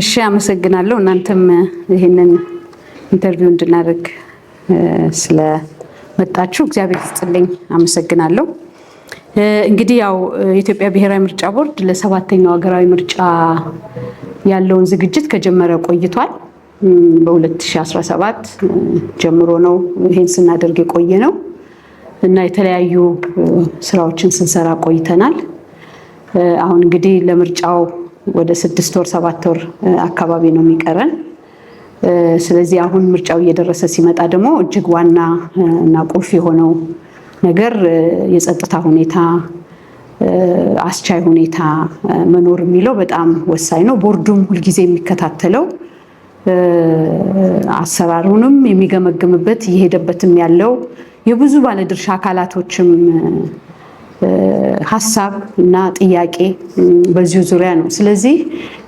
እሺ አመሰግናለሁ። እናንተም ይህንን ኢንተርቪው እንድናደርግ ስለመጣችሁ እግዚአብሔር ይስጥልኝ። አመሰግናለሁ። እንግዲህ ያው የኢትዮጵያ ብሔራዊ ምርጫ ቦርድ ለሰባተኛው ሀገራዊ ምርጫ ያለውን ዝግጅት ከጀመረ ቆይቷል። በ2017 ጀምሮ ነው ይሄን ስናደርግ የቆየ ነው እና የተለያዩ ስራዎችን ስንሰራ ቆይተናል። አሁን እንግዲህ ለምርጫው ወደ ስድስት ወር ሰባት ወር አካባቢ ነው የሚቀረን። ስለዚህ አሁን ምርጫው እየደረሰ ሲመጣ ደግሞ እጅግ ዋና እና ቁልፍ የሆነው ነገር የጸጥታ ሁኔታ አስቻይ ሁኔታ መኖር የሚለው በጣም ወሳኝ ነው። ቦርዱም ሁልጊዜ የሚከታተለው አሰራሩንም የሚገመግምበት እየሄደበትም ያለው የብዙ ባለድርሻ አካላቶችም ሀሳብ እና ጥያቄ በዚሁ ዙሪያ ነው። ስለዚህ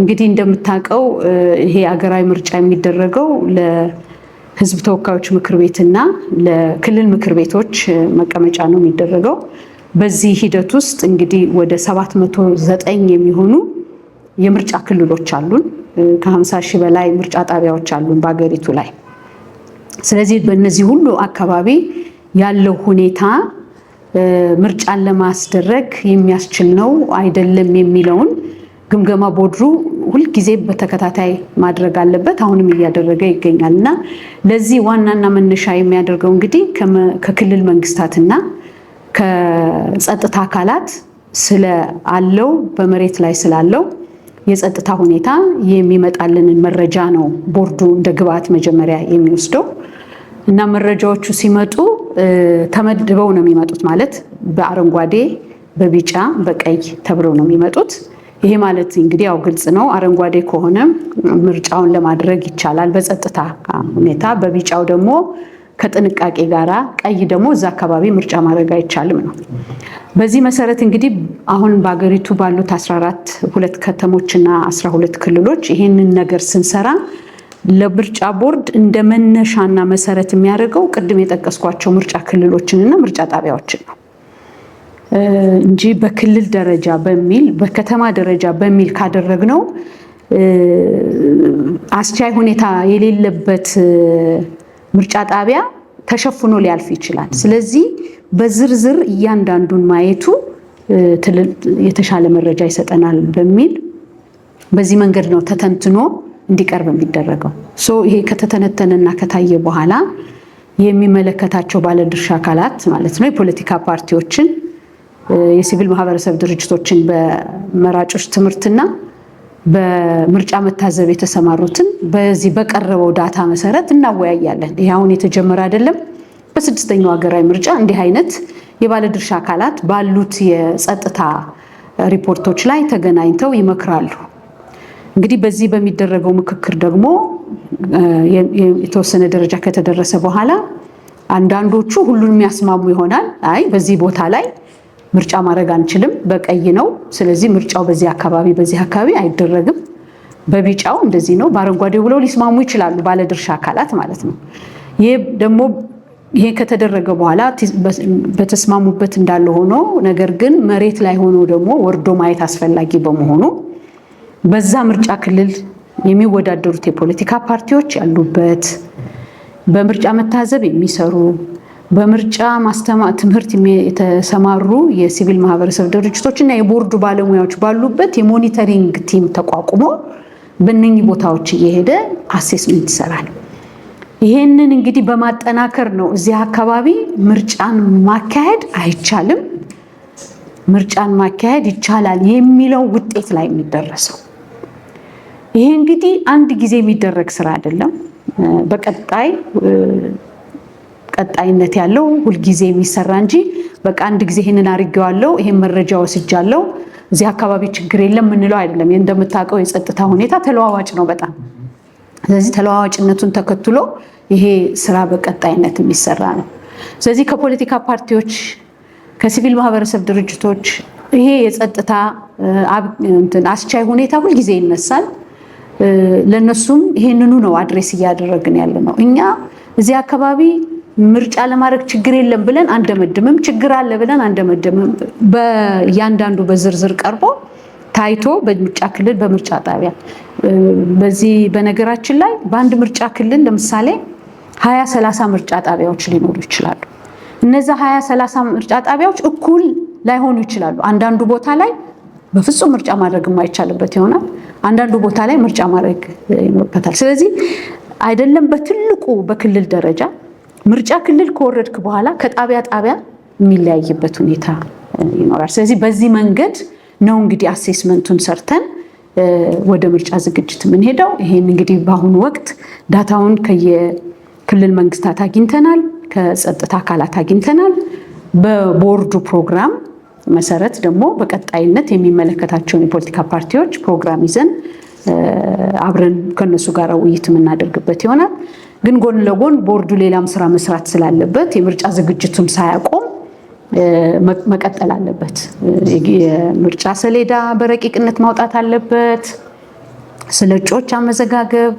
እንግዲህ እንደምታውቀው ይሄ ሀገራዊ ምርጫ የሚደረገው ለሕዝብ ተወካዮች ምክር ቤትና ለክልል ምክር ቤቶች መቀመጫ ነው የሚደረገው። በዚህ ሂደት ውስጥ እንግዲህ ወደ 709 የሚሆኑ የምርጫ ክልሎች አሉን። ከ50 ሺህ በላይ ምርጫ ጣቢያዎች አሉን በሀገሪቱ ላይ። ስለዚህ በእነዚህ ሁሉ አካባቢ ያለው ሁኔታ ምርጫን ለማስደረግ የሚያስችል ነው አይደለም የሚለውን ግምገማ ቦድሩ ሁልጊዜ በተከታታይ ማድረግ አለበት። አሁንም እያደረገ ይገኛል እና ለዚህ ዋናና መነሻ የሚያደርገው እንግዲህ ከክልል መንግስታትና ከጸጥታ አካላት ስለአለው በመሬት ላይ ስላለው የጸጥታ ሁኔታ የሚመጣልንን መረጃ ነው ቦርዱ እንደ ግብዓት መጀመሪያ የሚወስደው። እና መረጃዎቹ ሲመጡ ተመድበው ነው የሚመጡት። ማለት በአረንጓዴ በቢጫ በቀይ ተብለው ነው የሚመጡት። ይሄ ማለት እንግዲህ ያው ግልጽ ነው። አረንጓዴ ከሆነ ምርጫውን ለማድረግ ይቻላል በጸጥታ ሁኔታ፣ በቢጫው ደግሞ ከጥንቃቄ ጋራ፣ ቀይ ደግሞ እዛ አካባቢ ምርጫ ማድረግ አይቻልም ነው። በዚህ መሰረት እንግዲህ አሁን በሀገሪቱ ባሉት 14 ሁለት እና 12 ክልሎች ይህንን ነገር ስንሰራ ለምርጫ ቦርድ እንደ መነሻና መሰረት የሚያደርገው ቅድም የጠቀስኳቸው ምርጫ ክልሎችንና ምርጫ ጣቢያዎችን ነው እንጂ በክልል ደረጃ በሚል በከተማ ደረጃ በሚል ካደረግነው አስቻይ ሁኔታ የሌለበት ምርጫ ጣቢያ ተሸፍኖ ሊያልፍ ይችላል። ስለዚህ በዝርዝር እያንዳንዱን ማየቱ የተሻለ መረጃ ይሰጠናል በሚል በዚህ መንገድ ነው ተተንትኖ እንዲቀርብ የሚደረገው ይሄ ከተተነተነና ከታየ በኋላ የሚመለከታቸው ባለድርሻ አካላት ማለት ነው የፖለቲካ ፓርቲዎችን፣ የሲቪል ማህበረሰብ ድርጅቶችን፣ በመራጮች ትምህርትና በምርጫ መታዘብ የተሰማሩትን በዚህ በቀረበው ዳታ መሰረት እናወያያለን። ይህ አሁን የተጀመረ አይደለም። በስድስተኛው ሀገራዊ ምርጫ እንዲህ አይነት የባለድርሻ አካላት ባሉት የጸጥታ ሪፖርቶች ላይ ተገናኝተው ይመክራሉ። እንግዲህ በዚህ በሚደረገው ምክክር ደግሞ የተወሰነ ደረጃ ከተደረሰ በኋላ አንዳንዶቹ ሁሉን የሚያስማሙ ይሆናል። አይ በዚህ ቦታ ላይ ምርጫ ማድረግ አንችልም፣ በቀይ ነው። ስለዚህ ምርጫው በዚህ አካባቢ በዚህ አካባቢ አይደረግም፣ በቢጫው እንደዚህ ነው፣ በአረንጓዴው ብለው ሊስማሙ ይችላሉ፣ ባለድርሻ አካላት ማለት ነው። ይህ ደግሞ ይሄ ከተደረገ በኋላ በተስማሙበት እንዳለ ሆኖ ነገር ግን መሬት ላይ ሆኖ ደግሞ ወርዶ ማየት አስፈላጊ በመሆኑ በዛ ምርጫ ክልል የሚወዳደሩት የፖለቲካ ፓርቲዎች ያሉበት በምርጫ መታዘብ የሚሰሩ በምርጫ ትምህርት የተሰማሩ የሲቪል ማህበረሰብ ድርጅቶች እና የቦርዱ ባለሙያዎች ባሉበት የሞኒተሪንግ ቲም ተቋቁሞ በእነኚህ ቦታዎች እየሄደ አሴስሜንት ይሰራል። ይሄንን እንግዲህ በማጠናከር ነው እዚህ አካባቢ ምርጫን ማካሄድ አይቻልም፣ ምርጫን ማካሄድ ይቻላል የሚለው ውጤት ላይ የሚደረሰው። ይሄ እንግዲህ አንድ ጊዜ የሚደረግ ስራ አይደለም። በቀጣይ ቀጣይነት ያለው ሁልጊዜ የሚሰራ እንጂ በቃ አንድ ጊዜ ይህንን አድርጌዋለሁ፣ ይሄን መረጃ ወስጃለሁ፣ እዚህ አካባቢ ችግር የለም የምንለው አይደለም። እንደምታውቀው የጸጥታ ሁኔታ ተለዋዋጭ ነው በጣም ስለዚህ ተለዋዋጭነቱን ተከትሎ ይሄ ስራ በቀጣይነት የሚሰራ ነው። ስለዚህ ከፖለቲካ ፓርቲዎች፣ ከሲቪል ማህበረሰብ ድርጅቶች ይሄ የጸጥታ አስቻይ ሁኔታ ሁልጊዜ ይነሳል። ለነሱም ይሄንኑ ነው አድሬስ እያደረግን ያለ ነው። እኛ እዚህ አካባቢ ምርጫ ለማድረግ ችግር የለም ብለን አንደመድምም፣ ችግር አለ ብለን አንደመድምም። በእያንዳንዱ በዝርዝር ቀርቦ ታይቶ በምርጫ ክልል በምርጫ ጣቢያ በዚህ በነገራችን ላይ በአንድ ምርጫ ክልል ለምሳሌ ሀያ ሰላሳ ምርጫ ጣቢያዎች ሊኖሩ ይችላሉ። እነዚ ሀያ ሰላሳ ምርጫ ጣቢያዎች እኩል ላይሆኑ ይችላሉ። አንዳንዱ ቦታ ላይ በፍጹም ምርጫ ማድረግ የማይቻልበት ይሆናል። አንዳንዱ ቦታ ላይ ምርጫ ማድረግ ይኖርበታል። ስለዚህ አይደለም በትልቁ በክልል ደረጃ ምርጫ ክልል ከወረድክ በኋላ ከጣቢያ ጣቢያ የሚለያይበት ሁኔታ ይኖራል። ስለዚህ በዚህ መንገድ ነው እንግዲህ አሴስመንቱን ሰርተን ወደ ምርጫ ዝግጅት የምንሄደው። ይሄን እንግዲህ በአሁኑ ወቅት ዳታውን ከየክልል መንግስታት አግኝተናል፣ ከጸጥታ አካላት አግኝተናል። በቦርዱ ፕሮግራም መሰረት ደግሞ በቀጣይነት የሚመለከታቸውን የፖለቲካ ፓርቲዎች ፕሮግራም ይዘን አብረን ከነሱ ጋር ውይይት የምናደርግበት ይሆናል። ግን ጎን ለጎን ቦርዱ ሌላም ስራ መስራት ስላለበት የምርጫ ዝግጅቱን ሳያቆም መቀጠል አለበት። የምርጫ ሰሌዳ በረቂቅነት ማውጣት አለበት። ስለ እጩዎች አመዘጋገብ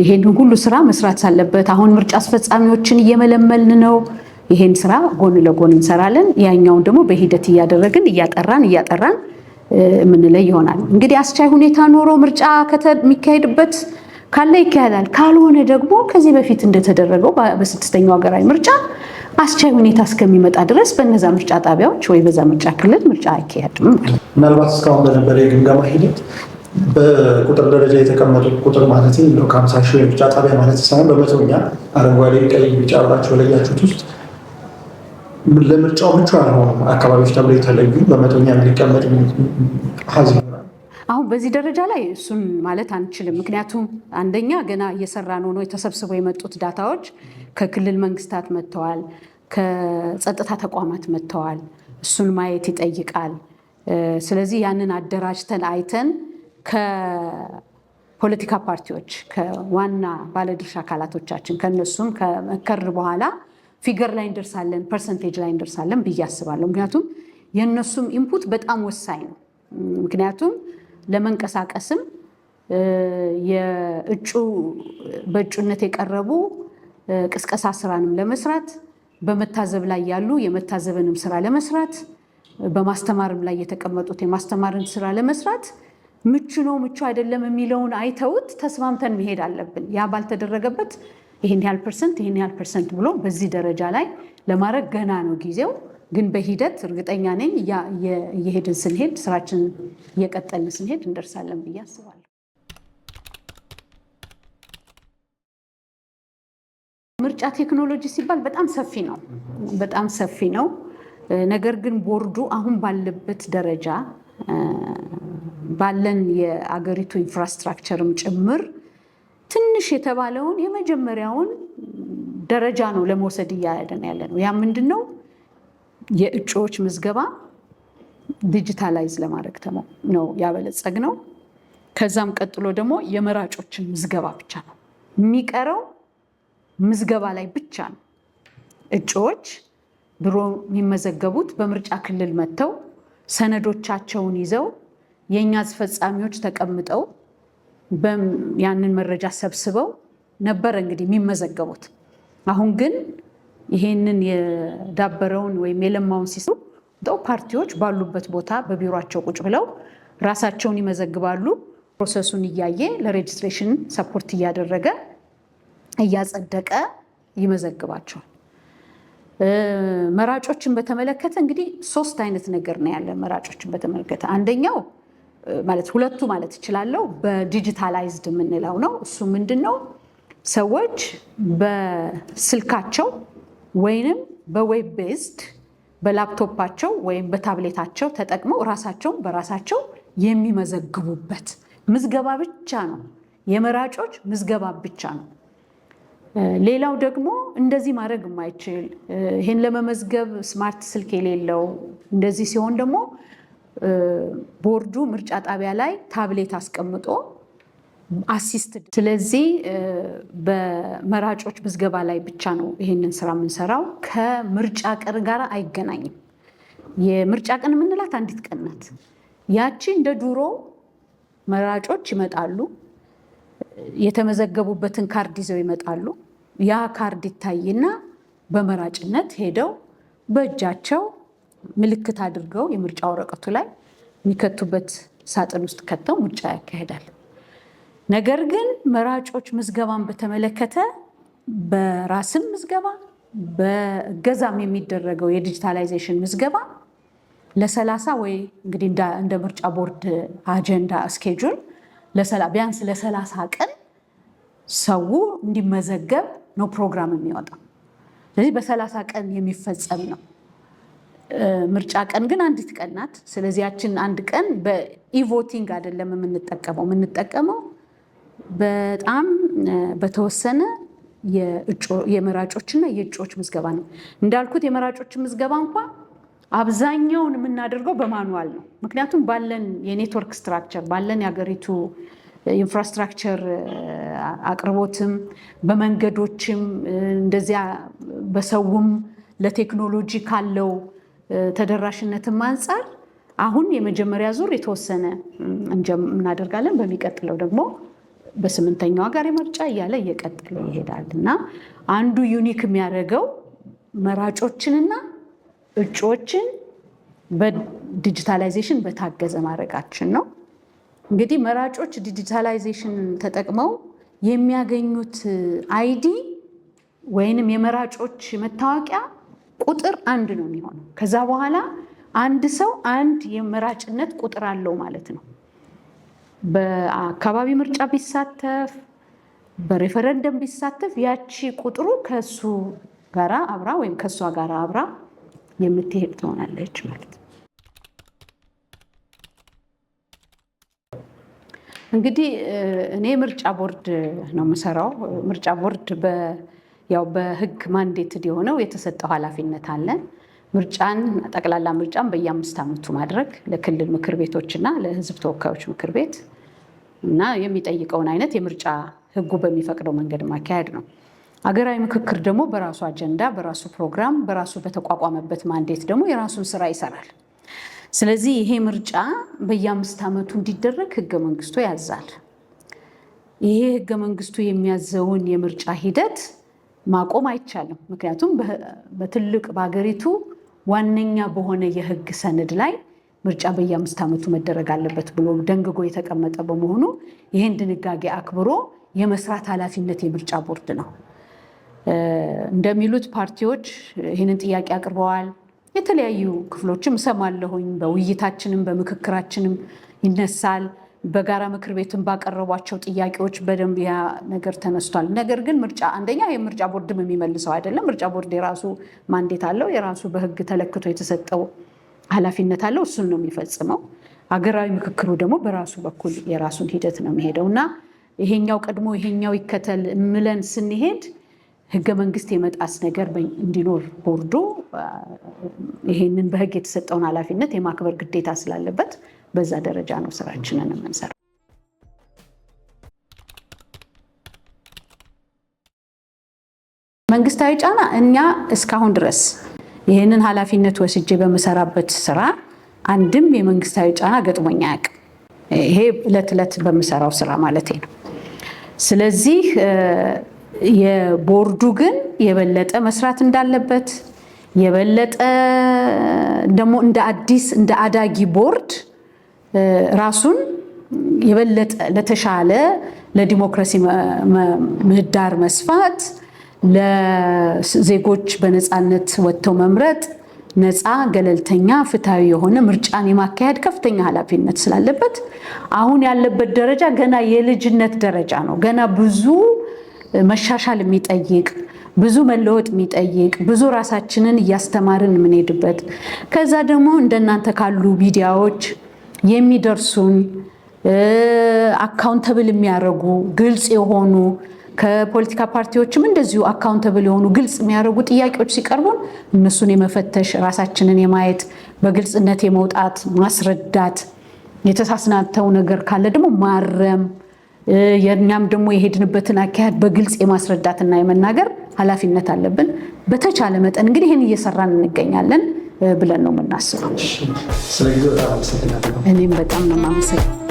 ይሄንን ሁሉ ስራ መስራት አለበት። አሁን ምርጫ አስፈጻሚዎችን እየመለመልን ነው። ይሄን ስራ ጎን ለጎን እንሰራለን። ያኛውን ደግሞ በሂደት እያደረግን እያጠራን እያጠራን የምንለይ ይሆናል። እንግዲህ አስቻይ ሁኔታ ኖሮ ምርጫ የሚካሄድበት ካለ ይካሄዳል። ካልሆነ ደግሞ ከዚህ በፊት እንደተደረገው በስድስተኛው ሀገራዊ ምርጫ አስቻይ ሁኔታ እስከሚመጣ ድረስ በነዛ ምርጫ ጣቢያዎች ወይ በዛ ምርጫ ክልል ምርጫ አይካሄድም ምናልባት እስካሁን በነበረ የግምገማ ሂደት በቁጥር ደረጃ የተቀመጡ ቁጥር ማለት ከሀምሳ ሺህ ምርጫ ጣቢያ ማለት ሳይሆን በመቶኛ አረንጓዴ፣ ቀይ፣ ቢጫ ብላችሁ በለያችሁት ውስጥ ለምርጫው ምቹ ያልሆኑ አካባቢዎች ተብሎ የተለዩ በመቶኛ ሊቀመጥ ሀዘን አሁን በዚህ ደረጃ ላይ እሱን ማለት አንችልም። ምክንያቱም አንደኛ ገና እየሰራ ነው ነው ተሰብስበው የመጡት ዳታዎች ከክልል መንግስታት መጥተዋል፣ ከጸጥታ ተቋማት መጥተዋል። እሱን ማየት ይጠይቃል። ስለዚህ ያንን አደራጅተን አይተን ከፖለቲካ ፓርቲዎች ከዋና ባለድርሻ አካላቶቻችን ከነሱም ከመከር በኋላ ፊገር ላይ እንደርሳለን፣ ፐርሰንቴጅ ላይ እንደርሳለን ብዬ አስባለሁ። ምክንያቱም የእነሱም ኢንፑት በጣም ወሳኝ ነው። ምክንያቱም ለመንቀሳቀስም የእጩ በእጩነት የቀረቡ ቅስቀሳ ስራንም ለመስራት በመታዘብ ላይ ያሉ የመታዘብንም ስራ ለመስራት በማስተማርም ላይ የተቀመጡት የማስተማርን ስራ ለመስራት ምቹ ነው ምቹ አይደለም የሚለውን አይተውት ተስማምተን መሄድ አለብን። ያ ባልተደረገበት ይህን ያህል ፐርሰንት ይህን ያህል ፐርሰንት ብሎ በዚህ ደረጃ ላይ ለማድረግ ገና ነው ጊዜው። ግን በሂደት እርግጠኛ ነኝ እየሄድን ስንሄድ ስራችን እየቀጠልን ስንሄድ እንደርሳለን ብዬ አስባለሁ። ምርጫ ቴክኖሎጂ ሲባል በጣም ሰፊ ነው፣ በጣም ሰፊ ነው። ነገር ግን ቦርዱ አሁን ባለበት ደረጃ ባለን የአገሪቱ ኢንፍራስትራክቸርም ጭምር ትንሽ የተባለውን የመጀመሪያውን ደረጃ ነው ለመውሰድ እያያደን ያለ ነው። ያ ምንድን ነው? የእጩዎች ምዝገባ ዲጂታላይዝ ለማድረግ ነው ያበለጸግ ነው። ከዛም ቀጥሎ ደግሞ የመራጮችን ምዝገባ ብቻ ነው የሚቀረው፣ ምዝገባ ላይ ብቻ ነው። እጩዎች ድሮ የሚመዘገቡት በምርጫ ክልል መጥተው ሰነዶቻቸውን ይዘው የእኛ አስፈጻሚዎች ተቀምጠው ያንን መረጃ ሰብስበው ነበረ እንግዲህ የሚመዘገቡት። አሁን ግን ይሄንን የዳበረውን ወይም የለማውን ሲስተም ፓርቲዎች ባሉበት ቦታ በቢሮቸው ቁጭ ብለው ራሳቸውን ይመዘግባሉ። ፕሮሰሱን እያየ ለሬጅስትሬሽን ሰፖርት እያደረገ እያጸደቀ ይመዘግባቸዋል። መራጮችን በተመለከተ እንግዲህ ሶስት አይነት ነገር ነው ያለ። መራጮችን በተመለከተ አንደኛው ማለት ሁለቱ ማለት እችላለሁ በዲጂታላይዝድ የምንለው ነው። እሱ ምንድን ነው? ሰዎች በስልካቸው ወይንም በዌብ ቤዝድ በላፕቶፓቸው ወይም በታብሌታቸው ተጠቅመው ራሳቸውን በራሳቸው የሚመዘግቡበት ምዝገባ ብቻ ነው። የመራጮች ምዝገባ ብቻ ነው። ሌላው ደግሞ እንደዚህ ማድረግ የማይችል ይህን ለመመዝገብ ስማርት ስልክ የሌለው እንደዚህ ሲሆን ደግሞ ቦርዱ ምርጫ ጣቢያ ላይ ታብሌት አስቀምጦ አሲስት ስለዚህ በመራጮች ምዝገባ ላይ ብቻ ነው ይህንን ስራ የምንሰራው። ከምርጫ ቀን ጋር አይገናኝም። የምርጫ ቀን የምንላት አንዲት ቀን ናት። ያቺ እንደ ድሮ መራጮች ይመጣሉ፣ የተመዘገቡበትን ካርድ ይዘው ይመጣሉ። ያ ካርድ ይታይና በመራጭነት ሄደው በእጃቸው ምልክት አድርገው የምርጫ ወረቀቱ ላይ የሚከቱበት ሳጥን ውስጥ ከተው ምርጫ ያካሄዳል። ነገር ግን መራጮች ምዝገባን በተመለከተ በራስም ምዝገባ በገዛም የሚደረገው የዲጂታላይዜሽን ምዝገባ ለሰላሳ ወይ እንግዲህ እንደ ምርጫ ቦርድ አጀንዳ እስኬጁል ቢያንስ ለሰላሳ ቀን ሰው እንዲመዘገብ ነው ፕሮግራም የሚወጣው። ስለዚህ በሰላሳ ቀን የሚፈጸም ነው። ምርጫ ቀን ግን አንዲት ቀን ናት። ስለዚያችን አንድ ቀን በኢቮቲንግ አይደለም የምንጠቀመው። የምንጠቀመው በጣም በተወሰነ የመራጮችና የእጩዎች ምዝገባ ነው። እንዳልኩት የመራጮችን ምዝገባ እንኳ አብዛኛውን የምናደርገው በማኑዋል ነው። ምክንያቱም ባለን የኔትወርክ ስትራክቸር ባለን የሀገሪቱ ኢንፍራስትራክቸር አቅርቦትም በመንገዶችም እንደዚያ በሰውም ለቴክኖሎጂ ካለው ተደራሽነትም አንጻር አሁን የመጀመሪያ ዙር የተወሰነ እናደርጋለን። በሚቀጥለው ደግሞ በስምንተኛው ሀገር መርጫ እያለ እየቀጠለ ይሄዳል እና አንዱ ዩኒክ የሚያደርገው መራጮችንና እጩዎችን በዲጂታላይዜሽን በታገዘ ማድረጋችን ነው። እንግዲህ መራጮች ዲጂታላይዜሽን ተጠቅመው የሚያገኙት አይዲ ወይንም የመራጮች መታወቂያ ቁጥር አንድ ነው የሚሆነው። ከዛ በኋላ አንድ ሰው አንድ የመራጭነት ቁጥር አለው ማለት ነው። በአካባቢ ምርጫ ቢሳተፍ፣ በሬፈረንደም ቢሳተፍ ያቺ ቁጥሩ ከሱ ጋራ አብራ ወይም ከእሷ ጋር አብራ የምትሄድ ትሆናለች ማለት ነው። እንግዲህ እኔ ምርጫ ቦርድ ነው የምሰራው። ምርጫ ቦርድ ያው በህግ ማንዴትድ የሆነው የተሰጠው ኃላፊነት አለ። ምርጫን ጠቅላላ ምርጫን በየአምስት ዓመቱ ማድረግ ለክልል ምክር ቤቶች እና ለህዝብ ተወካዮች ምክር ቤት እና የሚጠይቀውን አይነት የምርጫ ህጉ በሚፈቅደው መንገድ ማካሄድ ነው። አገራዊ ምክክር ደግሞ በራሱ አጀንዳ፣ በራሱ ፕሮግራም፣ በራሱ በተቋቋመበት ማንዴት ደግሞ የራሱን ስራ ይሰራል። ስለዚህ ይሄ ምርጫ በየአምስት ዓመቱ እንዲደረግ ህገ መንግስቱ ያዛል። ይሄ ህገ መንግስቱ የሚያዘውን የምርጫ ሂደት ማቆም አይቻልም። ምክንያቱም በትልቅ በሀገሪቱ ዋነኛ በሆነ የህግ ሰነድ ላይ ምርጫ በየአምስት ዓመቱ መደረግ አለበት ብሎ ደንግጎ የተቀመጠ በመሆኑ ይህን ድንጋጌ አክብሮ የመስራት ኃላፊነት የምርጫ ቦርድ ነው። እንደሚሉት ፓርቲዎች ይህንን ጥያቄ አቅርበዋል። የተለያዩ ክፍሎችም እሰማለሁኝ። በውይይታችንም በምክክራችንም ይነሳል። በጋራ ምክር ቤትን ባቀረቧቸው ጥያቄዎች በደንብ ያ ነገር ተነስቷል። ነገር ግን ምርጫ አንደኛ የምርጫ ቦርድም የሚመልሰው አይደለም። ምርጫ ቦርድ የራሱ ማንዴት አለው፣ የራሱ በህግ ተለክቶ የተሰጠው ኃላፊነት አለው። እሱን ነው የሚፈጽመው። አገራዊ ምክክሩ ደግሞ በራሱ በኩል የራሱን ሂደት ነው የሚሄደው እና ይሄኛው ቀድሞ ይሄኛው ይከተል ምለን ስንሄድ ህገ መንግስት የመጣስ ነገር እንዲኖር ቦርዱ ይሄንን በህግ የተሰጠውን ኃላፊነት የማክበር ግዴታ ስላለበት በዛ ደረጃ ነው ስራችንን የምንሰራ። መንግስታዊ ጫና እኛ እስካሁን ድረስ ይህንን ኃላፊነት ወስጄ በምሰራበት ስራ አንድም የመንግስታዊ ጫና ገጥሞኝ አያውቅም። ይሄ እለት እለት በምሰራው ስራ ማለት ነው። ስለዚህ የቦርዱ ግን የበለጠ መስራት እንዳለበት የበለጠ ደግሞ እንደ አዲስ እንደ አዳጊ ቦርድ ራሱን የበለጠ ለተሻለ ለዲሞክራሲ ምህዳር መስፋት፣ ለዜጎች በነፃነት ወጥተው መምረጥ፣ ነፃ ገለልተኛ ፍትሃዊ የሆነ ምርጫን የማካሄድ ከፍተኛ ኃላፊነት ስላለበት አሁን ያለበት ደረጃ ገና የልጅነት ደረጃ ነው። ገና ብዙ መሻሻል የሚጠይቅ ብዙ መለወጥ የሚጠይቅ ብዙ ራሳችንን እያስተማርን የምንሄድበት ከዛ ደግሞ እንደናንተ ካሉ ሚዲያዎች የሚደርሱን አካውንተብል የሚያደርጉ ግልጽ የሆኑ ከፖለቲካ ፓርቲዎችም እንደዚሁ አካውንተብል የሆኑ ግልጽ የሚያደርጉ ጥያቄዎች ሲቀርቡን እነሱን የመፈተሽ ራሳችንን የማየት በግልጽነት የመውጣት ማስረዳት፣ የተሳስናተው ነገር ካለ ደግሞ ማረም፣ የእኛም ደግሞ የሄድንበትን አካሄድ በግልጽ የማስረዳትና የመናገር ኃላፊነት አለብን። በተቻለ መጠን እንግዲህ ይህን እየሰራን እንገኛለን። ብለን ነው የምናስበው። እኔም በጣም ነው የማመሰግነው።